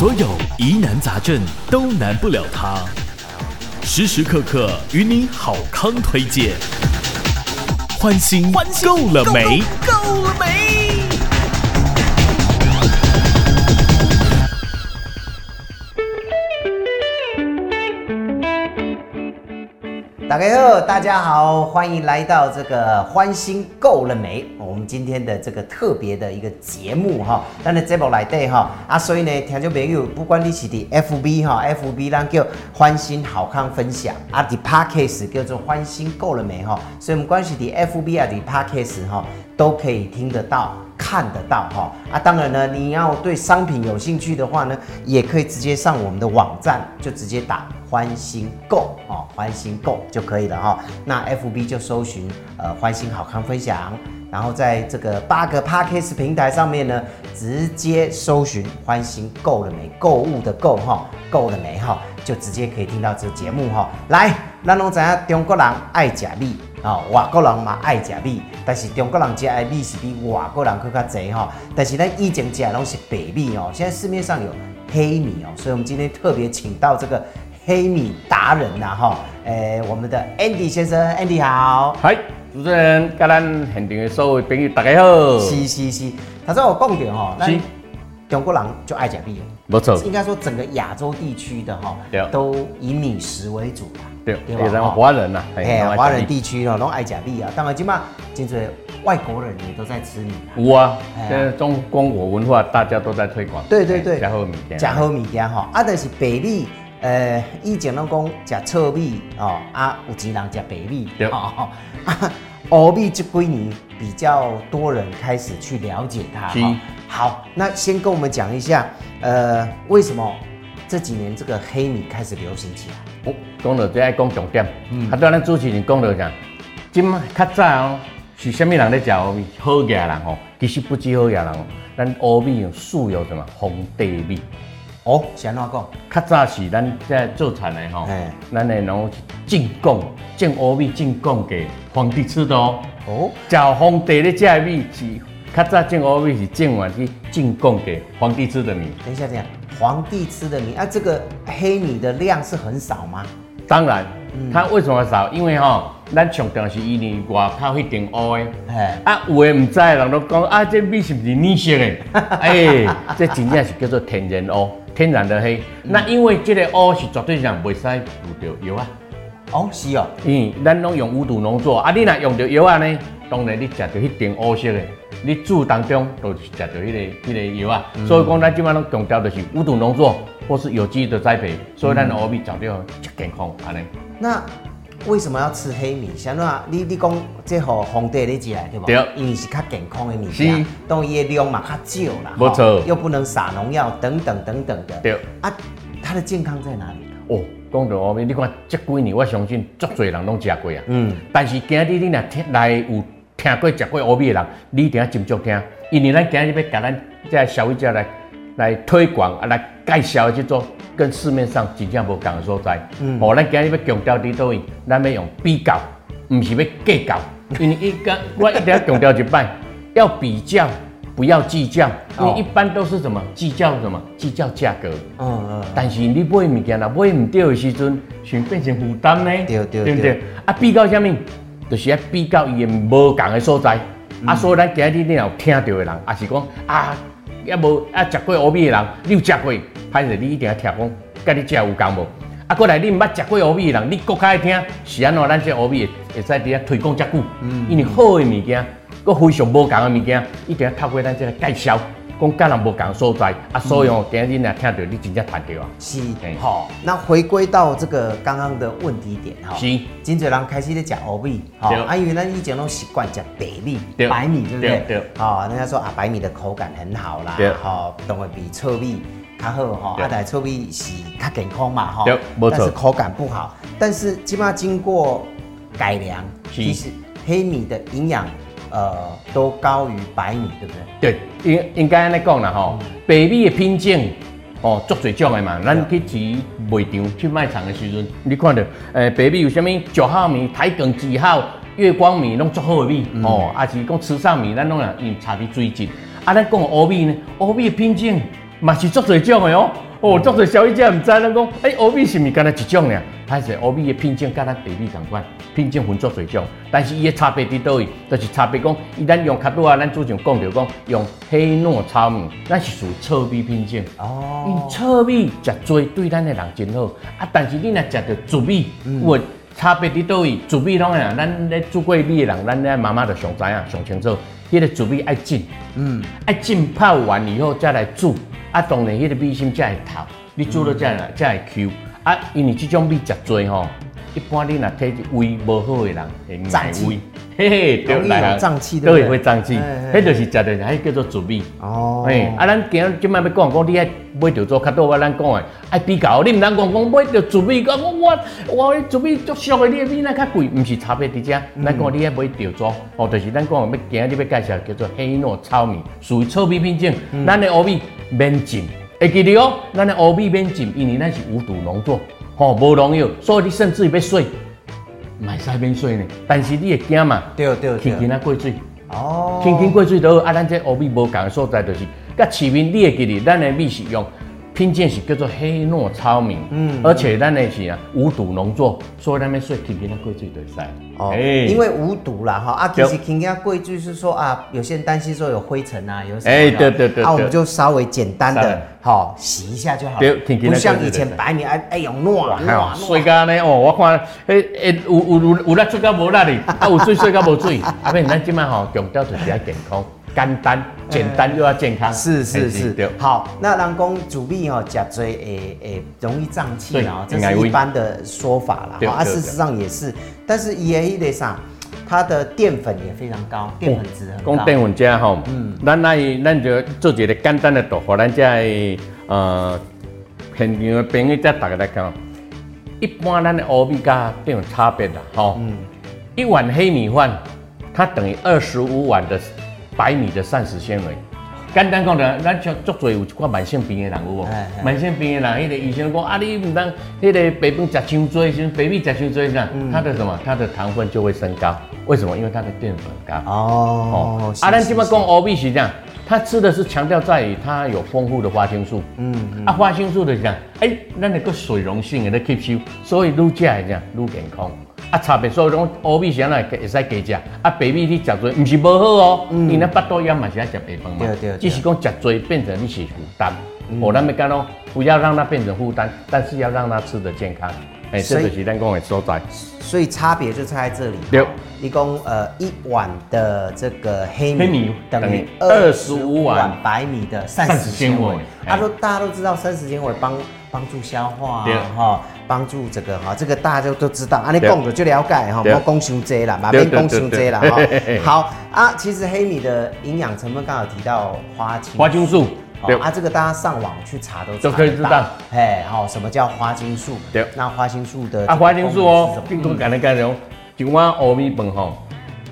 所有疑難雜症都難不了他，時時刻刻與你好康推薦，歡欣購了沒？購了沒？大家好，大家好，歡迎來到這個歡欣購了沒？我們今天的這個特別的一個節目哈，那呢節目來對哈啊，所以呢，聽眾朋友，不管你是的 FB 哈，FB 讓叫歡欣好康分享啊，的 Podcast 叫做歡欣購了沒哈，所以我們關係的 FB 啊的 Podcast 哈。都可以聽得到、看得到哈啊。當然呢，你要對商品有興趣的話呢，也可以直接上我們的網站，就直接打“歡欣購”哦，“歡欣購”就可以了哈。那 FB 就搜尋呃“歡欣好康分享”，然後在這個八個 Podcast 平台上面呢，直接搜尋“歡欣購了沒購物的購哈購了沒哈”，就直接可以聽到這個節目哈，哦。來，咱攏知影中國人愛食米。啊、哦，外國人嘛愛食米，但是中國人食的米是比外國人更加多哈、哦。但是咱以前食的都是白米哦，現在市面上有黑米哦，所以我們今天特別請到這個黑米達人吶、啊、哈、哦。誒、欸，我們的 Andy 先生，Andy 好。嗨，主持人跟咱現場的各位朋友大家好。嘻嘻嘻，頭先我講着哦，是但中國人就愛食米。不錯，應該說整個亞洲地區的哈，都以米食為主啦，對，對吧，人華人吶、啊，哎，華人地區哦，都愛吃米啊。當然，起碼真外國人也都在吃米、啊。有、啊啊、現在中中國文化大家都在推廣，對對對，對，加貨米店，假貨米店哈。啊，就是白米，呃，以前都講食糙米哦，啊，有錢人食白米哦、啊。黑米這幾年比較多人開始去了解它哈。好，那先跟我們講一下，呃，為什麼這幾年這個黑米開始流行起來？哦，講到最愛講重點，嗯，哈、啊、對，咱主持人講到啥？今嘛較早哦，是什麼人在吃黑米？好野人哦，喔，其實不止好野人哦，喔，咱黑米有素有什麼的嘛，皇帝的米。哦，是安怎講？較早是咱在做產的吼，喔，哎，咱的農進貢進黑米進貢給皇帝吃的哦，喔，哦，叫皇帝這的佳米是。較早種烏米是進往去進貢給皇帝吃的米。等一下，等一下，皇帝吃的米啊，這個黑米的量是很少嗎？當然，嗯、它為什麼少？因為哈、嗯喔，咱強調是一年一掛，它會烏黑。哎，啊，有的毋知，人都講啊，這米是毋是染色誒？欸、 這真正是叫做天然烏，天然的黑。嗯、那因為這個烏是絕對上袂使用着藥啊。哦，是哦、喔嗯。嗯，咱攏用無毒農作啊，你若用着藥啊呢，當然你食着一定烏色的。你煮當中都是食着迄個、迄、那個油啊、嗯，所以講咱今晚攏強調就是無毒農作或是有機的栽培，所以咱黑米才就健康安尼。那為什麼要吃黑米？像你啊，你你講這號紅米你食對不？對，因為是較健康的米，是，當然伊誒量嘛較少啦，無錯，又不能撒農藥等等等等的。對，啊，它的健康在哪裡？哦，講到黑米你看，即幾年我相信足儕人都食過啊，嗯，但是今天你若聽來有。聽過、食過歐米的人，你一定要斟酌聽，因為咱今日要給咱這個消費者來來推廣啊，來介紹這種跟市面上真正無同的所在。嗯、好、喔，咱今日要強調的到位，咱要用比較，唔是要計較。因為一個我一定要強調一擺， 要比較，不要計較、哦。因為一般都是什麼計較什麼？計較價格。嗯、哦、嗯、哦。但是你買物件啦，嗯、買唔掉的時陣，想變成負擔呢。對對對。對不對，對，對？啊，比較什麼？就是喺比較伊的無同的所在、嗯啊，所以咱今日你有聽到的人，也是講啊，也無也食過烏米的人，你有食過的，歹勢你一定要聽講，甲你食有共無？啊，過來你毋捌食過烏米的人，你更加愛聽，是安怎？咱這烏米會使佇遐推廣遮久，因為好個物件，佮非常無同的物件，一定要透過咱這個介紹。講各人無共所在，啊，所以哦，今日呢聽到你真正學到啊，是好，哦。那回歸到這個剛剛的問題點哈，哦，是，現在人開始在食黑米，對，還、哦、以、啊、為那以前都習慣食白米，對，白米對不對？對，對哦，人家說啊，白米的口感很好啦，對，哦，同誒比糙米較好哈，哦，啊，但糙米是較健康嘛哈，哦，對，沒錯，但是口感不好，但是起碼經過改良是，其實黑米的營養。呃，都高於白米，對不對？對，應應該安尼講啦吼。白、哦嗯、米的品種，哦，足儕種的嘛、嗯。咱去市場去賣場的時陣、嗯，你看到，誒、呃，白米有啥物？九號米、台梗幾號、月光米，攏足好的米、嗯，哦，啊是講池上米，咱攏啊用差別最精。啊，咱講的烏米呢，烏米的品種，嘛是足儕種的哦。哦，做儕消費者唔知啦，講，哎、欸，黑米是毋是干那一種咧？它是黑米的品種，甲咱白米同款，品種分做儕種，但是伊的差別佇倒位，就是差別講，伊咱用卡多啊，咱之前講着講，用黑糯糙米，咱是屬糙米品種哦。伊糙米食多對咱誒人真好，啊，但是你若食着糙米，有差別佇倒位，糙米啷個啊？咱咧做過米的人，嗯、咱咧媽媽着上知啊，上清楚。這個糯米要浸，嗯，要浸泡完以後再來煮，啊，當然這個米心才會透，你煮到才會，嗯，才會 Q，啊，因為你這種米真多吼。一般你若體質胃無好誒人會會尾尾，會埋胃，嘿嘿，都來啦，都會脹氣，迄就是食着，迄叫做糯米。哦，誒，啊，咱今仔即賣要講講，你愛買着做較多話，咱講誒，愛比較，你毋能講講買着糯米，講、嗯、我我糯米足俗誒，你米那較貴，毋是差別佇只。咱講你愛買着做，哦、喔，就是咱講要今仔你要介紹叫做黑糯糙米，屬於糙米品種，咱、嗯、誒黑米免浸，會記得哦、喔，咱誒黑米免浸，因為咱是無毒農作哦，無農藥，所以你甚至要洗，買菜免洗呢。但是你會驚嘛，對對，對，輕輕啊過水，哦，輕輕過水都好。啊，咱這個黑米不同的所在就是，甲市面你的距離，咱的米是用。拼件是叫做黑糯糙米，嗯,嗯，嗯、而且咱那是啊無毒農作，所以那邊睡肯定要貴，最多三。因為無毒啦哈，啊，其實肯定要貴，就是說啊，有些人擔心說有灰塵啊，有什麼的哎、欸，對對對，對，啊，我們就稍微簡單的，哦、洗一下就好了，就了，不像以前白米哎哎、欸、用糯糯，洗乾咧哦，我看，哎、欸、哎、欸、有有有有那水乾無那哩，啊有水洗乾無水，啊邊咱今擺吼強調就是要健康。簡單，簡單又要健康，嗯、是是是，是，是，是，好。那人公主力哦，甲椎誒誒，容易脹氣啦，這是一般的說法啦，啊，事實上也是。但是椰芋的啥，它的澱粉也非常高，澱粉值很高。講、哦、澱粉加吼，嗯，那那伊，咱就做一個簡單的圖，或咱在呃平常的平日，在大家來講，一般咱的歐米伽都有差別啦，哈，嗯，一碗黑米飯，它等於二十五碗的。白米的膳食纖維，簡單講着、就是，咱做足有一群慢性病的人有哦，慢性病的人，那個醫生講，啊你毋通，那個白飯食上濟，先白米食上濟，這樣，他的什麼，他的糖分就會升高，為什麼？因為他的澱粉高。哦，哦啊，咱今麥講烏米是這樣，他吃的是強調在於他有豐富的花青素。嗯，嗯啊，花青素是、欸、的講，哎，那你個水溶性的，你 keep 住，所以愈食也這樣，愈健康。啊，差別所以講，黑米相對來可以食加些，啊，白米你食多，不是無好哦，嗯、因為巴多也嘛是愛食白飯嘛，只是講食多變成你是負擔、嗯哦，我那麼講咯，不要讓它變成負擔，但是要讓它吃得健康，哎、欸，這個是咱講的所在。所以差別就差在這裡。六，一共呃一碗的這個黑米，黑米等於二十五碗 ,25 碗白米的膳食纖維，他、啊、說大家都知道膳食纖維幫幫助消化哈。對幫助這個哈，這個大家都都知道，啊你講了就了解哈，我講修遮了，買面講修遮了哈、哦。好啊，其實黑米的營養成分剛好提到花、哦、青花青素，好、哦，啊，這個大家上網去查都都可以知道。哎，好、哦，什麼叫花青素？對，那花青素的啊，花青素哦，京東干的感的哦，一碗黑米飯吼、哦，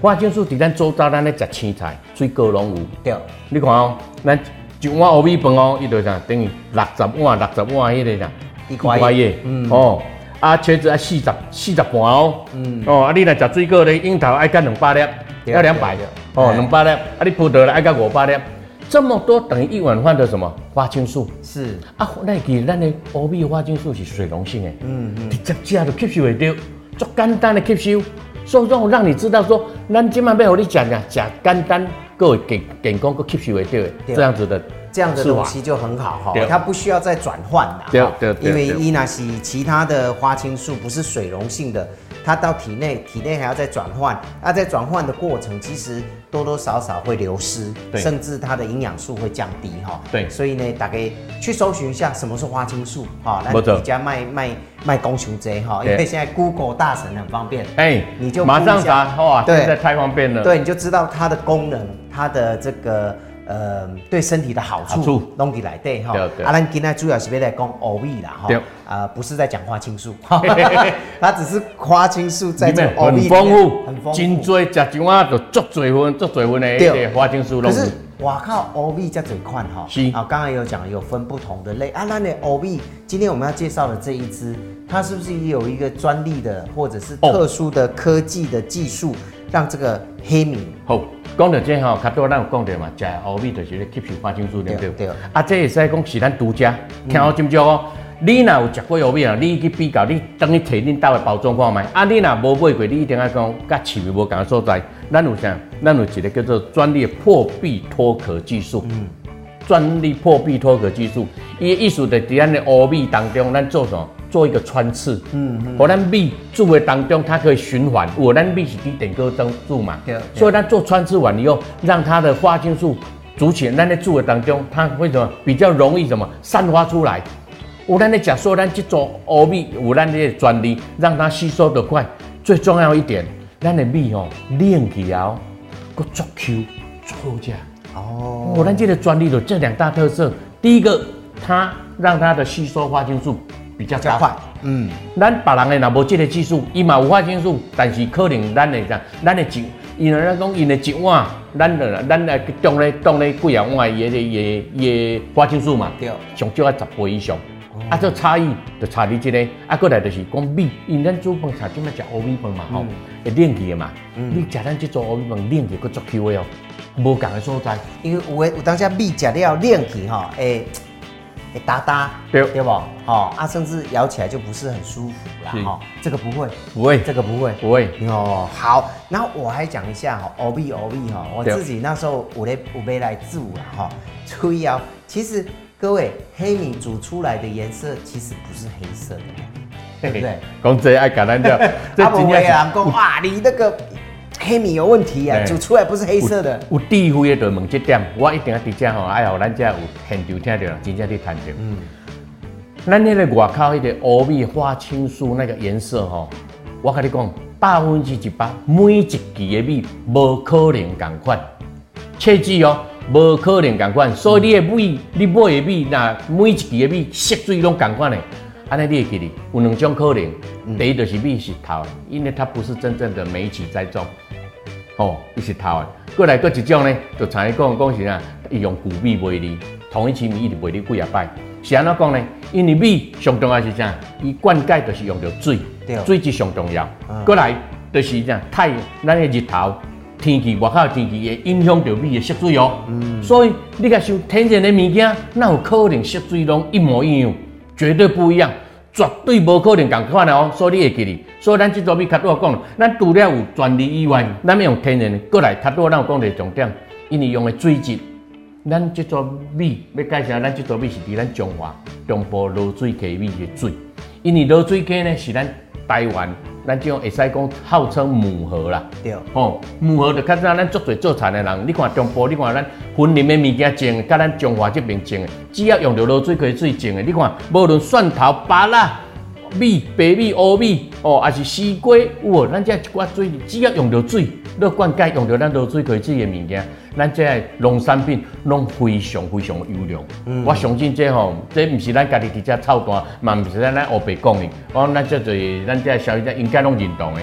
花青素在咱做早，咱的食青菜，水果攏有，對，你看哦，咱一碗黑米飯哦，伊就像等於六十碗，六十碗迄、那個㖏。一塊嗯哦，啊茄子愛四十，四十半哦，嗯哦，啊你來食水果櫻桃愛幹兩百粒，要兩百的，哦兩百粒，啊你葡萄咧愛幹五百粒，這麼多等於一碗飯的什麼花青素？是啊，那記咱的歐米花青素是水溶性的嗯嗯，直接食都吸收袂着，作簡單誒吸收，所以說我讓你知道說，咱今晚要互你食啊，食簡單個健健康個吸收會着，這樣子的。這樣的東西就很好哈、啊哦，它不需要再轉換了。因為伊那西其他的花青素不是水溶性的，它到體內，體內還要再轉換。那在轉換的過程，其實多多少少會流失，甚至它的營養素會降低哈、哦。對。所以呢，大家去搜尋一下什麼是花青素哈，來你家賣賣賣高雄蔗哈，因為現在 Google 大神很方便。哎、欸，你就馬上查、啊、哇！對，這太方便了。對，你就知道它的功能，它的這個。呃，對身體的好處弄起來對哈，啊，咱今天主要是要來講黑米啦哈，啊，不是在講花青素， 它只是花青素在黑米很豐富，很豐富，真多吃怎啊就足儕分足儕分的，一些花青素。可是我靠黑米這款、啊、才最寬哈，啊，剛剛有講有分不同的類啊，那你黑米今天我們要介紹的這一支，它是不是也有一個專利的或者是特殊的科技的技術、哦？嗯讓這個黑米好，講到這吼，差不多咱有講到嘛，食黑米就是吸收花青素對不對？對，對啊，啊這也是在講是咱獨家，嗯、聽好重要哦。你吶有食過黑米啊？你去比較，你等於摕恁家的包裝看賣。啊，你吶無買過，你一定要講甲市面無同的所在。咱有啥？咱有一個叫做專利、嗯、利破壁脫殼技術。嗯，專利破壁脫殼技術，伊意思就是在滴俺的黑米當中，咱做什麼？做一個穿刺，嗯，嗯我咱米煮的當中，它可以循環，有我咱米是在電鍋等煮嘛，所以它做穿刺完以後，讓它的花青素煮起來，咱在煮的當中，它為什麼比較容易什麼散發出來？有我咱在講說，咱去做烏米，有咱這些專利，讓它吸收得快。最重要一點，咱的米吼、喔、冷起來哦、喔，擱足 Q 足好食。哦，我咱這個專利的這兩大特色，第一個，它讓它的吸收花青素。比較加快，嗯，咱別人誒，若無即個技術，伊嘛有花青素，但是可能咱誒，咱誒，只因為咱講，因誒一碗，咱咱來去當咧當咧幾樣碗，也也也花青素嘛，對，上少啊十倍以上，嗯、啊，這差異就差佇即、這個，啊，過來就是講米，因咱煮飯炒菜即嘛食烏米飯嘛吼，嗯、會冷起誒嘛，嗯吃，你食咱即種烏米飯冷起，佫足 Q 的哦，無共誒所在，因為有誒有當時米食了要冷起哈，誒、欸。哎，噠噠，對不？哦啊，甚至咬起來就不是很舒服了哈、哦。這個不會，不會，這個不會，不會。哦，好，那我還講一下哈、哦，黑米黑米哈，我自己那時候我來我買來煮了哈。注意啊，其實各位黑米煮出來的顏色其實不是黑色的，對不對？講這愛簡單點，阿不會啊，講哇、 啊，你那個。黑米有問題啊，煮出來不是黑色的。有智慧的，就問這點，我一定要佇遮吼，哎，學咱遮有現場聽着，真正佇談着。嗯，咱迄個外口迄個黑米花青素那個顏色吼、哦，我甲你講百分之一百，每一季的米無可能同款。切記哦，無可能同款。所以你的米，嗯、你買的米，那每一季的米色水攏同款的。安尼你會記得有兩種可能、嗯。第一就是米石頭，因為它不是真正的每季在種。哦，它是頭啊！過來，過一種呢，就像你講講是啥，伊用穀米賣你，同一期米伊就賣你幾廿擺。是安怎講呢？因為米上重要的是啥？伊灌溉就是用到水，哦、水質上重要。過、嗯、來就是啥？太陽，咱迄日頭，天氣外口天氣會影響到米的吸水哦、喔嗯。所以你講像天然的物件，那有可能吸水攏一模一樣，絕對不一樣。絕對無可能共款的哦，所以你會記哩。所以咱這座米卡多講咱除了有專利以外，咱、嗯、用天然我們有的過來卡多，咱有講一個重點，因為用的水質。咱這座米要介紹，咱這座米是佇咱中華中部濁水溪米的水，因為濁水溪呢是咱台灣。咱這種會使講號稱母河啦，吼、嗯、母河就看咱咱做水做田的人，你看中部，你看咱雲林的物件種，甲咱中華這邊種的，只要用到滷水可以水種的，你看無論蒜頭、芭拉米、白米、黑米，哦，還是西瓜，有無？咱這一掛水，只要用到水，要灌溉用到咱滷水可以煮的物件。咱這農產品攏非常非常優良，嗯，我相信這吼，這不是咱家己直接操單嘛，不是咱咱烏白講的，我講咱這就是咱這消費者應該攏認同的。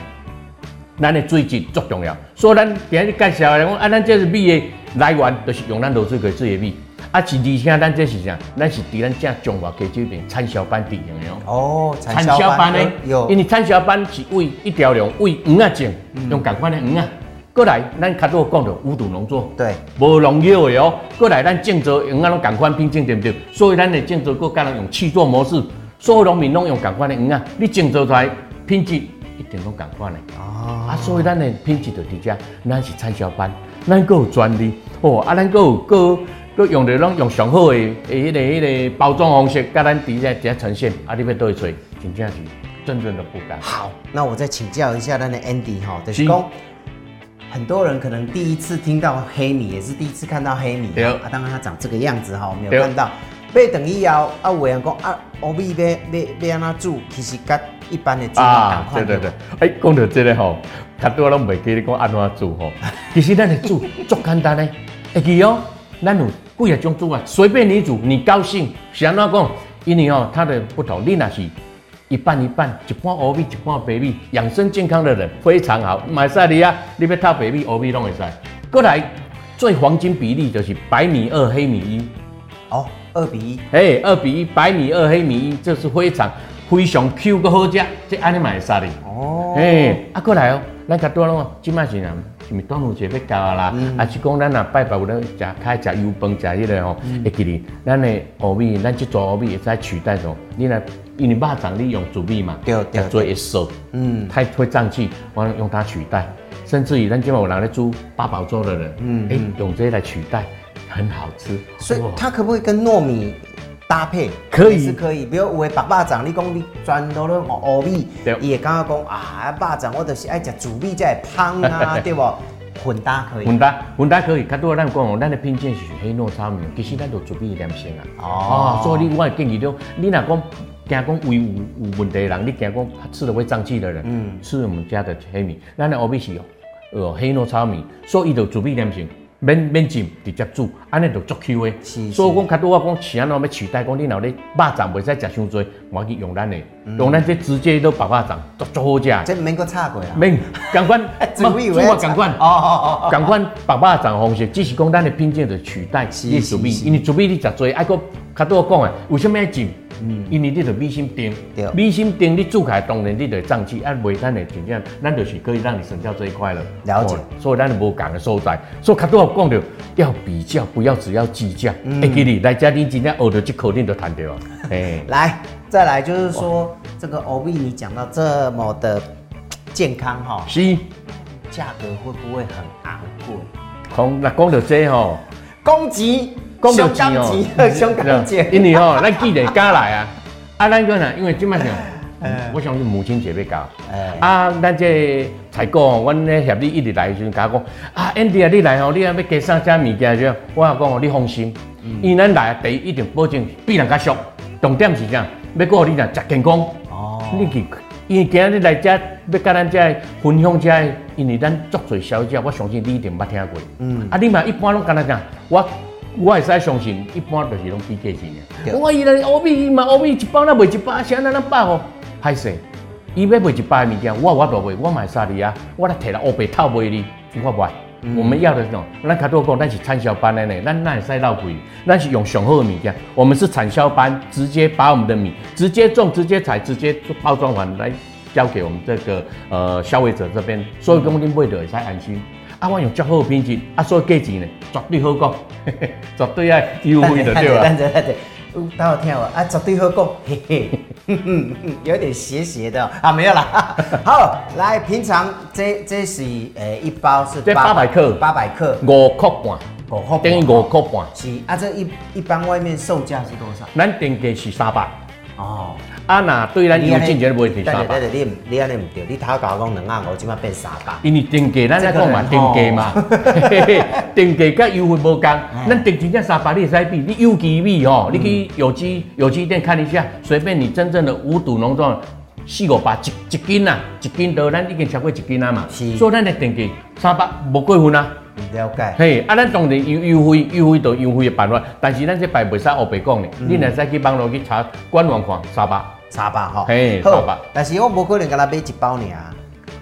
咱的水質足重要，所以咱第一介紹來講啊，咱這是米的來源都、就是用咱滷水個水產米，啊，而且咱這是啥？咱是咱正中華個這邊產銷班底樣的哦。產、哦、銷班的、嗯，因為產銷班是為一條龍，為魚仔種，用同款的魚啊。嗯過來，咱較多講着無毒農作，對，無農藥的哦。過來，咱種作用啊，攏共款品種對不對？所以咱的種作，佫敢用契作模式，所有農民攏用共款的。嗯啊，你種作出來品質一定攏共款的。啊、哦，啊，所以咱的品質就佇遮，咱是產銷班，咱佫有專利，哦，啊，咱佫有佫佫用着咱用上好的的迄、那個迄、那個那個包裝方式，佮咱佇遮直接呈現。啊，你袂多會吹？真正是真正的不敢。好，那我再請教一下咱的 Andy 哈，再施工。很多人可能第一次聽到黑米，也是第一次看到黑米。對啊，當然它長這個樣子哈，我們有看到。被等一搖啊，偉陽哥啊，我未要要要安怎煮？其實跟一般的煮蠻快的。對對對，哎，講到這個吼、喔，較多攏袂記得講安怎煮吼、喔。其實咱來煮，足簡單嘞。哎、 喔，去哦，咱有貴啊種做啊，隨便你煮，你高興想哪講，因為哦、喔，它的不同，你那是。一半一半，一半烏米，一半白米，米，養生健康的人非常好。買晒你啊！你要炒白米，米、烏米攏會晒。過來，最黃金比例就是白米二，黑米一。哦，二比一。誒，二比一，白米二，黑米一，這是非常非常 Q 的好食。即安尼買晒哩。哦。誒、hey,，啊過來哦，咱家多哦。今麥是啊，是咪端午節要到啊啦？啊，是講咱啊拜拜，有咧食開食油飯食一個吼，會記哩。咱咧烏米，咱只做烏米，一再取代着你來。因為肉粽你用糙米嘛，叫做一收，嗯，太會脹氣，我用它取代，甚至於咱今仔日我拿來煮八寶粥的人，嗯，欸、嗯用這些來取代，很好吃。所以、哦、它可不可以跟糯米搭配？可以，是可以。比如有我肉粽利用糙米，轉到了我糯米，伊也剛剛講啊，肉粽我都是愛食糙米才會香啊，欸欸、對不？混搭可以，混搭，混搭可以。更多咱講，咱的拼件是屬於黑糯糙米，其實咱都糙米的良心啊。哦，所以我建議你，你若講。驚講胃有有，有問題的人，你驚講他吃了會脹氣的人，嗯，吃我們家的黑米，咱的黑米是哦，呃黑糯糙米，所以伊就煮米黏性，免免浸，直接煮，安尼就足口味。所以講，較多我講，吃安怎要取代，講你後咧肉粽袂使食傷多，我要去用咱的，嗯、用咱這直接都白肉粽，足足好食。這沒個炒過啊。沒，趕快，煮 啊，趕快，哦哦哦，哦，哦，趕快白肉粽方式，只是講咱的品階的取代，伊煮米是是是，因為煮米你食多，要個較多我講啊，為什麼要浸？嗯，因為你，你的米心釘對米心釘你煮開，當然你得脹氣，還袂得的就講，咱就是可以讓你省掉這一塊了。了解，所以咱就無講個收台，所以較多講的，的要比較，不要只要計較。哎、嗯，吉、欸、利，來，家庭今天學着就口，定都談掉了。哎、欸， 來，再來，就是說這個歐米，你講到這麼的健康哈、哦，是，價格會不會很昂貴？恐、哦，那講着這吼，公斤。香港節哦，香港節，因為吼，咱記得家來啊。啊，咱講啊，因為怎啊想，我相信母親節要搞。欸、啊，咱這採購哦，阮咧協你一直來的時候跟說，就講講啊，Andy 啊，Andy, 你來你還要加送只物件，只我講你放心，嗯、因咱來第一一定保證比人家俗。重點是啥？要顧你吶，食健康。哦，你去，因為今天你來這要跟咱這分享這，因為咱做最少這，我相信你一定冇聽過。嗯，啊，你嘛一般攏干哪樣？我。我會使相信，一般是都是攏比價錢。的。我伊來烏米，伊嘛，烏米一包那賣一百，誰那那百哦？歹勢，伊要賣一百，的物件，我我倒賣，我賣沙梨啊，我來摕了烏米套賣你，不我袂，嗯。我們要的這種，咱卡多講，咱是產銷班的呢，咱那會使撈貴，咱是用上好的物件。我們是產銷班，直接把我們的米直接種、直接採、直接包裝完來交給我們這個呃消費者這邊，所以講我們賣會才安心。台灣有較好的品質，啊，所以價錢呢，絕對好講，絕對要優惠的對吧？等我聽哦，啊，絕對好講，嘿嘿，有點斜斜的、喔、啊，沒有啦。好，來，平常這這是呃、欸、一包是八百克，八百克五塊半，五塊半等於五塊半。是啊，這一一般外面售價是多少？咱定價是三百。哦，啊，那對咱優惠定價咧，冇問題，對對對，你你安尼唔對，你剛剛講兩百五，怎麼變三百？因為定價，咱講完定價嘛，定價跟優惠冇講，咱定價三百，你使比你有機米吼、嗯，你去有機、嗯、有機店看一下，隨便你真正的無毒農莊，四五百一，一斤啊，一斤多，咱已經超過一斤啊嘛，是。所以咱的定價三百冇過分啊。了解。嘿，啊，咱當然有優惠優惠的優惠的辦法，但是咱這擺袂使二白講呢，你乃使去網絡去查官網看，查吧，查吧哈、喔，好吧。但是我無可能跟他買一包爾，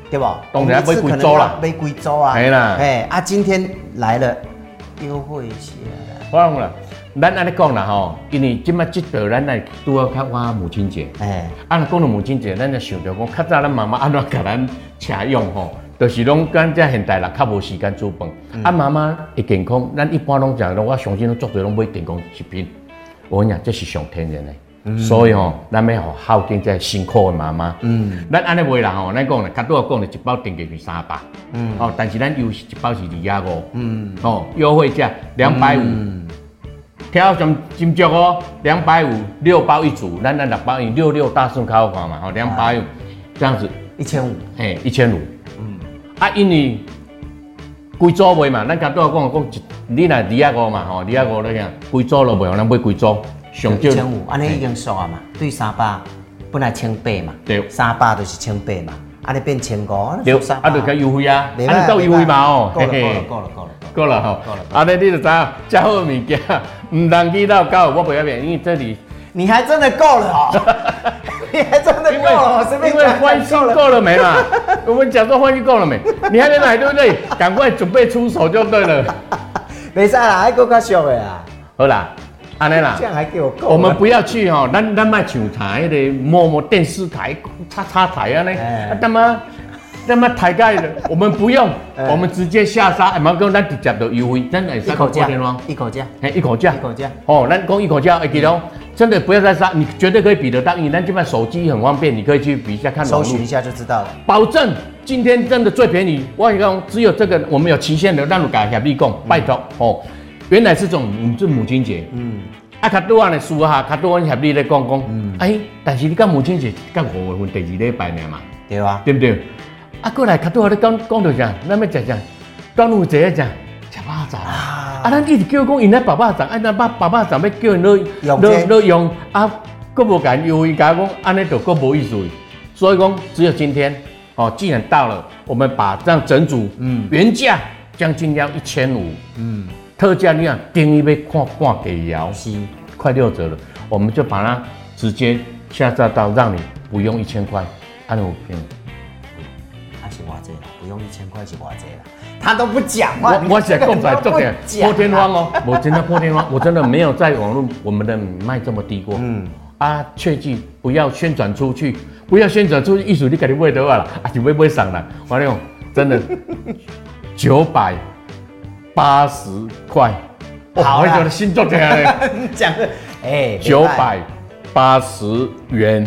對不？當然買幾組啦，買幾組啊，係啦，哎，啊，今天來了，優惠些啦。在我講咱安尼講啦吼，因為今麥即條咱來都要看我母親節，哎，啊，講到母親節，咱就想着講，較早咱媽媽安怎教咱家用吼。就是攏咱這現代人較無時間煮飯、嗯，啊，媽媽會健康，咱一般攏講，我相信攏做儕攏買健康食品。我跟你講，這是上天然的，嗯、所以吼、哦，咱要孝敬這辛苦的媽媽。嗯，咱安尼話啦吼，咱講嘞，剛才講嘞，一包定價是三百，嗯，哦，但是咱又是一包是二百五，嗯，哦，優惠價兩百五，挑上金足哦，兩百五，六包一組，咱咱六包你六六大順較好看嘛，哦，兩百五、啊，這樣子一千五，哎，一千五。啊，因為貴州袂嘛，咱今我講講 you know,，你來二阿哥嘛吼，二阿哥那講貴州了不用，咱買貴州上蕉。啊，你已經刷了嘛？對，三百本來千八嘛，對，三百就是千八嘛，安尼變千五。對、uh,，啊，就加優惠啊，啊，我優惠嘛哦，嘿嘿，夠了，夠、hey、了 go、hey like，夠了，夠了哈，夠了。啊，你你就知，較好物件不能記到高，我不要變，因為這裡你還真的夠了啊。你還真的不因為、喔、是不是因為歡欣購了，了沒嘛？ 我們講說歡欣購了沒？你還能來對不對？趕 快準備出手就對了。沒 事啦，還夠卡笑的啦。好啦，安尼啦。這樣還給我講？我們不要去吼、喔，咱咱那咱賣藥台的，摸摸電視台，擦擦台、欸、啊嘞。那麼。那麼抬蓋了？ 我們不用、欸，我們直接下殺，毛、欸、哥，咱、欸、直接就優惠，真、嗯、的，一口價，一口價、欸，一口價，一口價，哦，咱講一口價、嗯，真的不要再殺，你絕對可以比得上。你那這邊手機很方便，你可以去比一下看，搜尋一下就知道了。保證今天真的最便宜，只有這個，我們有期限的，但你趕快去講，拜託哦。原來是這種、嗯，是母親節，嗯，阿卡多安的叔哈，卡多安合力在講講，嗯，哎、欸，但是你講母親節講五月份第二禮拜呢嘛？對吧對不對？啊，過來，他多好咧講講着，㖏咱要吃啥，端午節啊，吃包粽啊。啊，咱一直叫的爸爸、啊、我講，用那包包粽，哎，那包包粽要叫你你你用啊，擱無敢優惠價講，安尼都擱無意思。所以講，只有今天哦，既然到了，我們把這樣整組，嗯，原價將近要一千五，嗯，特價你講訂一杯，半半給搖，是快六折了，我們就把它直接下價到讓你不用一千塊，安尼五片。不用一千塊錢刮獎了，他都不講話。我我寫空白重點破天荒哦、喔， 我真的破天荒，我真的沒有在網絡我們的賣這麼低過。嗯啊，切記不要宣傳出去，不要宣傳出去，藝術你肯定不會得話了啊，就會被搶了。完了，真的九百八十塊，好，啊，新 的新作嘞，講九百八十元。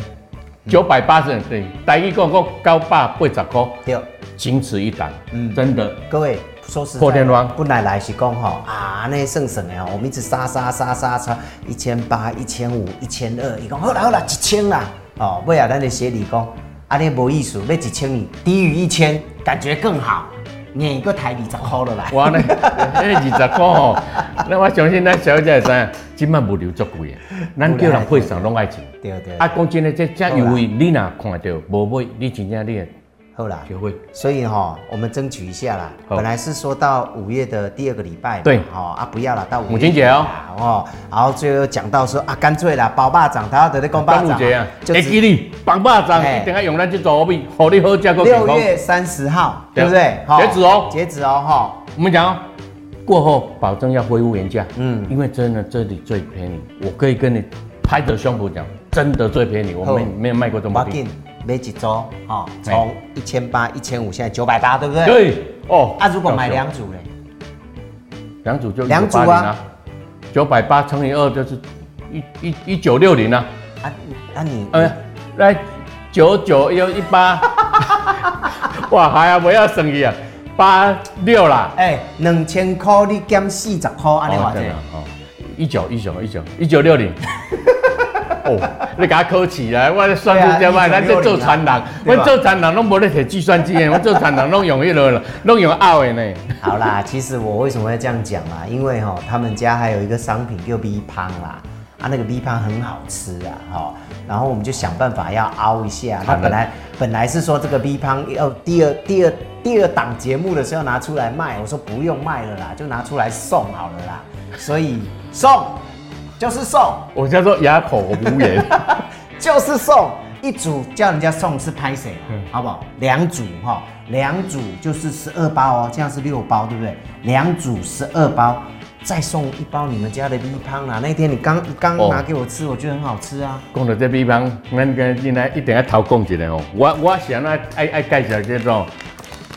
九百八十對，但意一共高八八十塊，對，僅此一檔，嗯，真的。各位，說實話，破天荒，不拿來，來是講哈啊，那算什麼呀，我們一直殺殺殺殺殺，一千八、一千五、一千二，伊講，好啦好啦，一千啦，哦、喔，不呀，咱就寫你工，啊，那無意思，那一千二，低於一千，感覺更好。廿 個台幣二十個來、喔，我呢，誒，二十個，那我相信那個、小姐會知影，今麥物料足貴啊，咱叫人配送攏愛錢，對對，對，啊，講真誒，這這優惠你若看到無買，你真正你。後啦，學會，所以哈，我們爭取一下啦。本來是說到五月的第二個禮拜，對，哈啊不要了，到母親節哦，好、喔、然後最後講到說啊，乾脆啦，包肉粽他要得的講肉粽。端午就是綁肉粽，一定要用來去好，好你好六月三十號、嗯，對不對？好，截止哦、喔，截止哦、喔，哈。我們講、喔、過後，保證要恢復原價，嗯，因為真的這裡最便宜，嗯、我可以跟你拍着胸脯講，真的最便宜，我沒，沒有賣過這麼低。每一組？哦，從一千八、一千五，現在九百八，對不對？可以哦。啊，如果買兩組咧，兩組就兩組啊，九百八乘以二就是一一一九六零啊。啊，你哎，來九九幺一八，哇，還要不要省億啊？八六啦。哎，兩千塊你減四十塊，按你話這，一九一九一九一九六零。 哦，你甲我考試啦，我算數怎賣？在做傳人，我做傳人攏無咧摕計算機誒，我做傳人攏 用迄、那、落、個，攏用熬誒呢。好啦，其實我為什麼要這樣講啊？因為吼、喔，他們家還有一個商品叫 B 胖啦，啊那個 B 胖很好吃啊，哈、喔，然後我們就想辦法要熬一下。他本來本來是說這個 B 胖要第二第二第二檔節目的時候拿出來賣，我說不用賣了啦，就拿出來送好了啦。所以送。就是送，我叫做啞口我無言。 就是送一組，叫人家送是拍誰、嗯？好不好？兩組哈，兩組就是十二包哦、喔，這樣是六包，對不對？兩組十二包，再送一包你們家的米香啊！那天你剛剛拿給我吃、哦，我覺得很好吃啊。講到這米香，俺跟進來一定要偷講一下哦、喔。我我想愛愛介紹這種，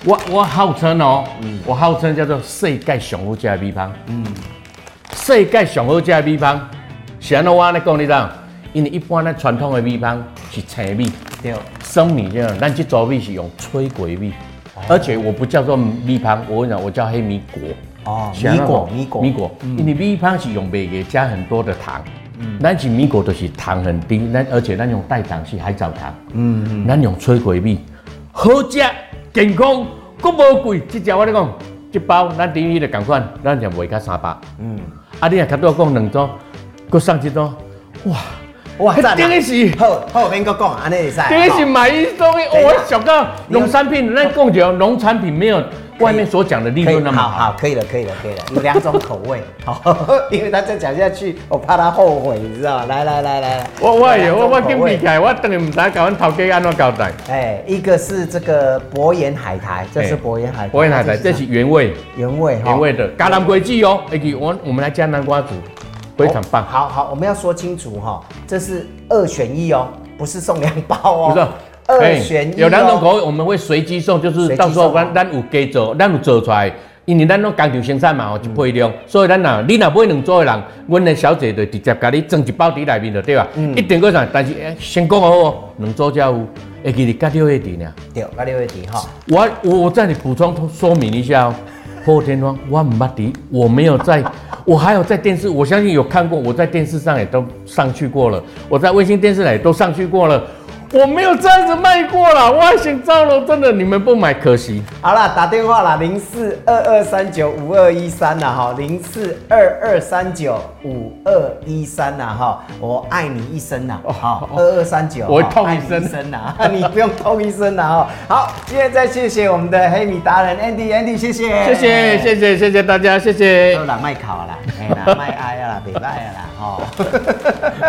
我我號稱哦，我號稱叫做“世界熊富家的米香”。嗯。世界上好食的米香，像我咧講你怎？因為一般咧傳統的米香是青米，對，生米對。咱這種米是用脆穀米、哦，而且我不叫做米香，我講我叫黑米果。哦，米果，米果，米果。嗯、因為米香是用白的，加很多的糖。嗯。咱是米果，都是糖很低，但而且咱用代糖是海藻糖。嗯。嗯咱用脆穀米，好吃，健康、閣無貴。這家我咧講，一包咱等於咧講算，咱就賣甲三百。嗯。啊你，你啊，差不多講兩種，過上幾種，哇哇，真的是，是好，好，我跟你講，阿你也是，買一送一，我想到農產品，那講句，農產品沒有。外面所講的利潤那麼好？好，可以了，可以了，可以了。有兩種口味，好 因為他再講下去，我怕他後悔，你知道？來來來來，我我我我頂厲害，我等你唔知我搞阮頭家安怎交代。哎、欸，一個是這個博研海苔，這是博研海苔，博研海苔這，這是原味，原味哈、哦，原味的。橄欖果醬哦，我我們來加南瓜子，非常棒。好好，我們要說清楚哈，這是二選一哦，不是送兩包哦。哦欸、有兩種口味，我們會隨機送就是到時候咱咱有加做，咱有做出來，因為咱攏工廠生產嘛有一批量，嗯，所以咱吶，你吶買兩組的人，阮的小姐就直接給你整一包佇裡面就對啊，嗯，一定夠上，但是誒、欸，先講好哦，兩組才有，下給你加料一底呢。對，加料一底哈。我我我，我再你補充說明一下哦、喔，破天荒，我 n e b 我沒有在，我還有在電視，我相信有看過，我在電視上也都上去過了，我在衛星電視也都上去過了。我沒有這樣子賣過了，外形照了，真的，你們不買可惜。好啦，打電話啦，零四二二三九五二一三吶哈，零四二二三九五二一三吶哈，我愛你一生吶，好、喔，二二三九，我會痛一生吶，你，生啦生你，生啦 啊、你不用痛一生了哈、喔。好，今天再謝謝我們的黑米達人 Andy，Andy，謝謝，謝謝，謝謝，謝謝大家，謝謝。都懶賣烤啦哎呀，賣愛啦別賣 了啦，好。